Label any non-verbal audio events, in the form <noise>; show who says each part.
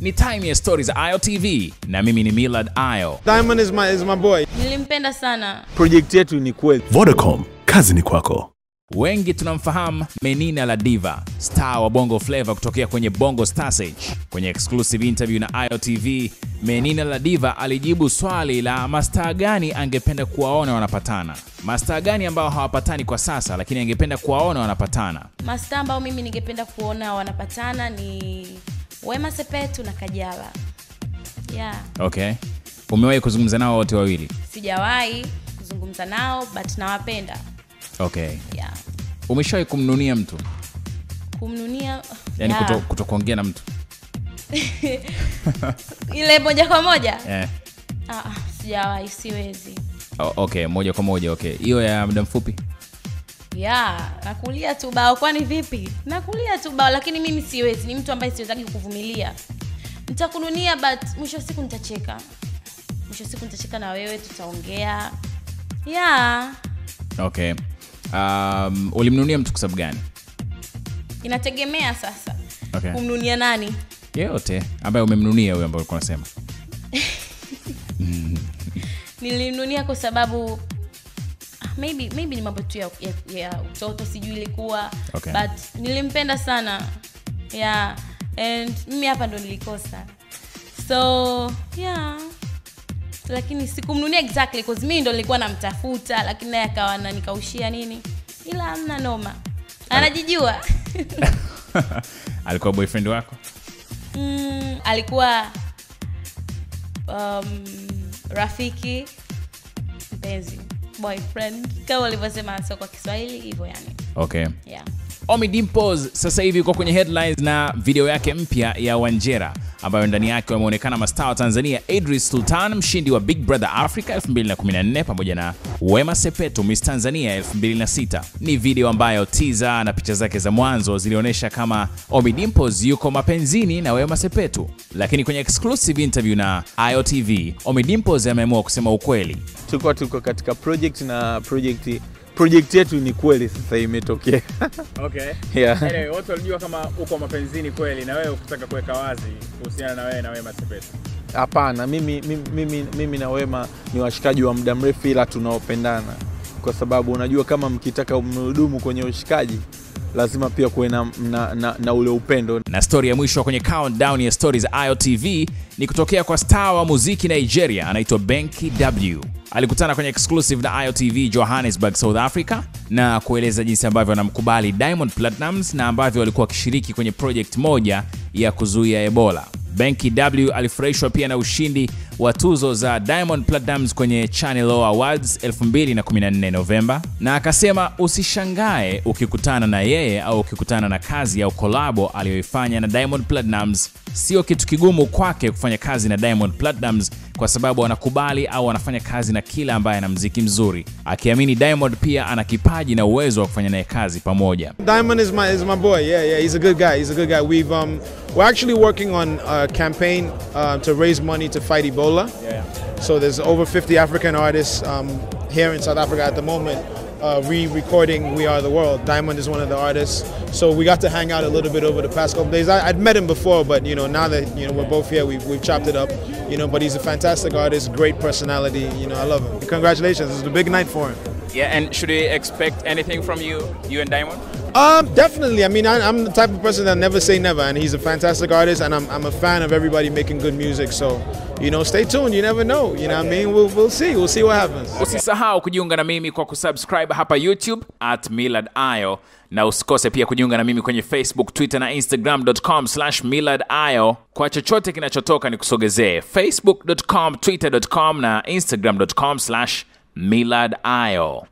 Speaker 1: ni time ya stori za Ayo TV na mimi ni Millard Ayo.
Speaker 2: Diamond is my, is my boy.
Speaker 3: Nilimpenda sana.
Speaker 4: Project yetu ni kweli.
Speaker 1: Vodacom, kazi ni kwako. Wengi tunamfahamu Menina la Diva, star wa Bongo Flava kutokea kwenye Bongo Star Kwenye exclusive interview na Ayo TV, Menina la Diva alijibu swali la mastaa gani angependa kuwaona wanapatana. Mastaa gani ambao hawapatani kwa sasa lakini angependa kuwaona wanapatana.
Speaker 3: Mastaa ambao mimi ningependa kuona wanapatana ni Wema Sepetu na Kajala. Yeah.
Speaker 1: Okay. Umewahi kuzungumza nao wote wawili?
Speaker 3: Sijawahi kuzungumza nao but nawapenda. Okay. Yeah.
Speaker 1: Umeshawahi kumnunia mtu?
Speaker 3: Kumnunia
Speaker 1: yani yeah. kutokuongea kuto kuongea na mtu
Speaker 3: <laughs> ile moja kwa moja yeah. Eh. Ah, sijawahi, siwezi.
Speaker 1: Oh, okay, moja kwa moja okay. Hiyo ya muda mfupi
Speaker 3: yeah, nakulia tu bao. Kwani vipi? Nakulia tu bao, lakini mimi siwezi, ni mtu ambaye siwezagi kukuvumilia. Nitakununia but mwisho wa siku nitacheka, mwisho siku nitacheka na wewe, tutaongea yeah.
Speaker 1: Okay. Um, ulimnunia mtu kwa gani?
Speaker 3: Inategemea sasa okay. Kumnunia nani?
Speaker 1: Yeyote ambaye umemnunia huyo ambaye ulikuwa unasema.
Speaker 3: <laughs> Nilimnunia kwa sababu maybe maybe ni mambo tu ya, ya, ya utoto sijui ilikuwa okay. but nilimpenda sana yeah and mimi hapa ndo nilikosa so yeah lakini sikumnunia exactly cause mimi ndo nilikuwa namtafuta lakini naye akawa nanikaushia nini ila amna noma anajijua
Speaker 1: <laughs> alikuwa boyfriend wako
Speaker 3: mm, alikuwa um, rafiki mpenzi boyfriend kama walivyosema sio kwa kiswahili hivyo yani okay yeah.
Speaker 1: omi dimpos sasa hivi uko kwenye headlines na video yake mpya ya wanjera ambayo ndani yake wameonekana mastaa wa Tanzania Idris Sultan, mshindi wa Big Brother Africa 2014 pamoja na Wema Sepetu, Miss Tanzania 2006. Ni video ambayo teaser na picha zake za mwanzo zilionyesha kama Ommy Dimpoz yuko mapenzini na Wema Sepetu, lakini kwenye exclusive interview na IOTV, Ommy Dimpoz ameamua kusema ukweli.
Speaker 2: Tuko tuko katika project na project project yetu ni kweli sasa imetokea. <laughs> okay. yeah.
Speaker 5: Anyway, watu walijua kama uko mapenzini kweli na wewe ukutaka kuweka wazi kuhusiana na wewe na Wema Sepetu.
Speaker 2: Hapana, mimi, mimi, mimi, mimi na Wema ni washikaji wa muda mrefu, ila tunaopendana kwa sababu unajua kama mkitaka mhudumu kwenye ushikaji lazima pia kuwe na, na, na, na ule upendo.
Speaker 1: Na stori ya mwisho kwenye countdown ya stori za IOTV ni kutokea kwa star wa muziki Nigeria, anaitwa Benki W. Alikutana kwenye exclusive na IOTV Johannesburg, South Africa, na kueleza jinsi ambavyo anamkubali Diamond Platnumz na ambavyo walikuwa wakishiriki kwenye project moja ya kuzuia Ebola. Benki W alifurahishwa pia na ushindi wa tuzo za Diamond Platnumz kwenye Channel O Awards 2014 Novemba, na akasema usishangae ukikutana na yeye au ukikutana na kazi au kolabo aliyoifanya na Diamond Platnumz. Sio kitu kigumu kwake kufanya kazi na Diamond Platnumz kwa sababu anakubali au anafanya kazi na kila ambaye ana mziki mzuri, akiamini Diamond pia ana kipaji na uwezo wa kufanya naye kazi pamoja.
Speaker 6: Diamond is my, is my boy. Yeah, yeah, he's a good guy. He's a good guy. We've, um... We're actually working on a campaign uh, to raise money to fight Ebola. Yeah. So there's over 50 African artists um, here in South Africa at the moment uh, re-recording We Are the World. Diamond is one of the artists, so we got to hang out a little bit over the past couple days. I, would met him before, but you know now that you know we're both here, we've, we've chopped it up. You know, but he's a fantastic artist, great personality. You know, I love him. Congratulations! This is a big night for him.
Speaker 7: Yeah, and should we expect anything from you, you and Diamond?
Speaker 6: Um, definitely. I mean, I, I'm the type of person that never say never, and he's a fantastic artist, and I'm, I'm a fan of everybody making good music. So, you know, stay tuned. You never know. You know what I mean? We'll, we'll see. We'll see what happens.
Speaker 1: Usisahau kujiunga na mimi kwa kusubscribe hapa YouTube at Millard Ayo, na usikose pia kujiunga na mimi kwenye Facebook, Twitter na Instagram.com slash Millard Ayo kwa chochote kinachotoka nikusogezee. Facebook.com, Twitter.com na Instagram.com slash Millard Ayo.